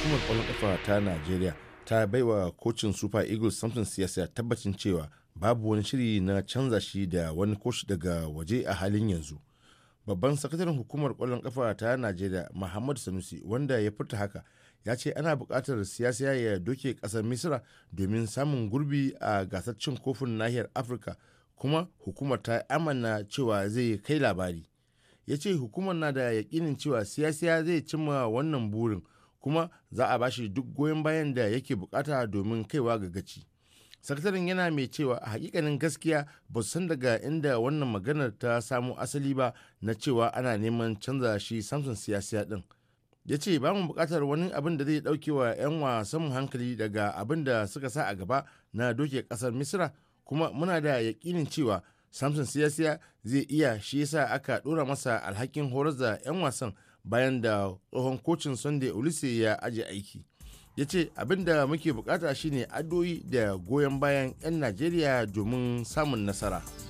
hukumar kwallon kafa ta najeriya ta baiwa kocin super eagles samson siyasa tabbacin cewa babu wani shiri na canza shi da wani kosh daga waje a halin yanzu babban sakataren hukumar kwallon kafa ta najeriya muhammad sanusi wanda ya furta haka ya ce ana buƙatar siyasa ya doke ƙasar misira domin samun gurbi a gasar cin kofin nahiyar afirka kuma hukumar ta amana cewa zai kai labari ya ce hukumar na da yakinin cewa siyasa zai cimma wannan burin kuma za a bashi duk goyon bayan da yake bukata domin kaiwa ga gaci sakataren yana mai cewa a hakikanin gaskiya ba san daga inda wannan maganar ta samo asali ba na cewa ana neman canza shi samson siyasiya din ya ce ba mu bukatar wani abin da zai dauke wa 'yan wasan hankali daga abin da suka sa a gaba na doke kasar misira? kuma muna da yakinin cewa samson siyasiya zai iya shi yasa aka dora masa alhakin horar da 'yan wasan bayan da tsohon kocin sunday olise ya aje aiki ya ce abin da muke bukata shine adoyi da goyon bayan 'yan najeriya domin samun nasara.